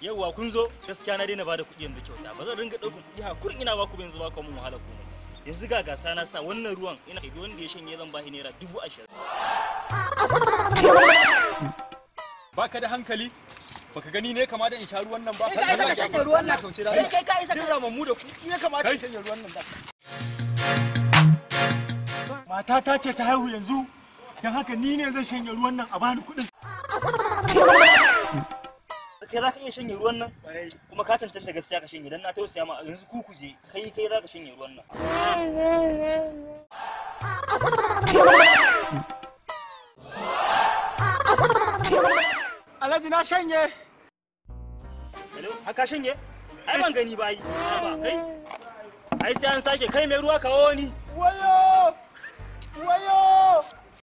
yauwa kun zo gaskiya na daina bada kuɗi yanzu kyauta ba zan ringa ɗaukar kuɗi hakurin ina ba ku yanzu ba ku mun wahala ku yanzu ga gasa na sa wannan ruwan ina ɗebi wanda ya shanye zan bashi naira dubu ashirin. baka da hankali baka gani ne kama da in sha ruwan nan ba ka isa ka shanye ruwan nan kai ka isa ka ramammu da ku shanye ruwan nan da mata ta ce ta haihu yanzu don haka ni ne zan shanye ruwan nan a bani kuɗin kai za ka iya shanye ruwan nan kuma ka cancanta gaskiya ka shanye don na tausaya ma yanzu ku kuje kai kai za ka shanye ruwan nan Alhaji na shanye. Hello, haka shanye? Ai ban gani ba yi. Kai? Ai sai an sake kai mai ruwa kawo ni. Wayo!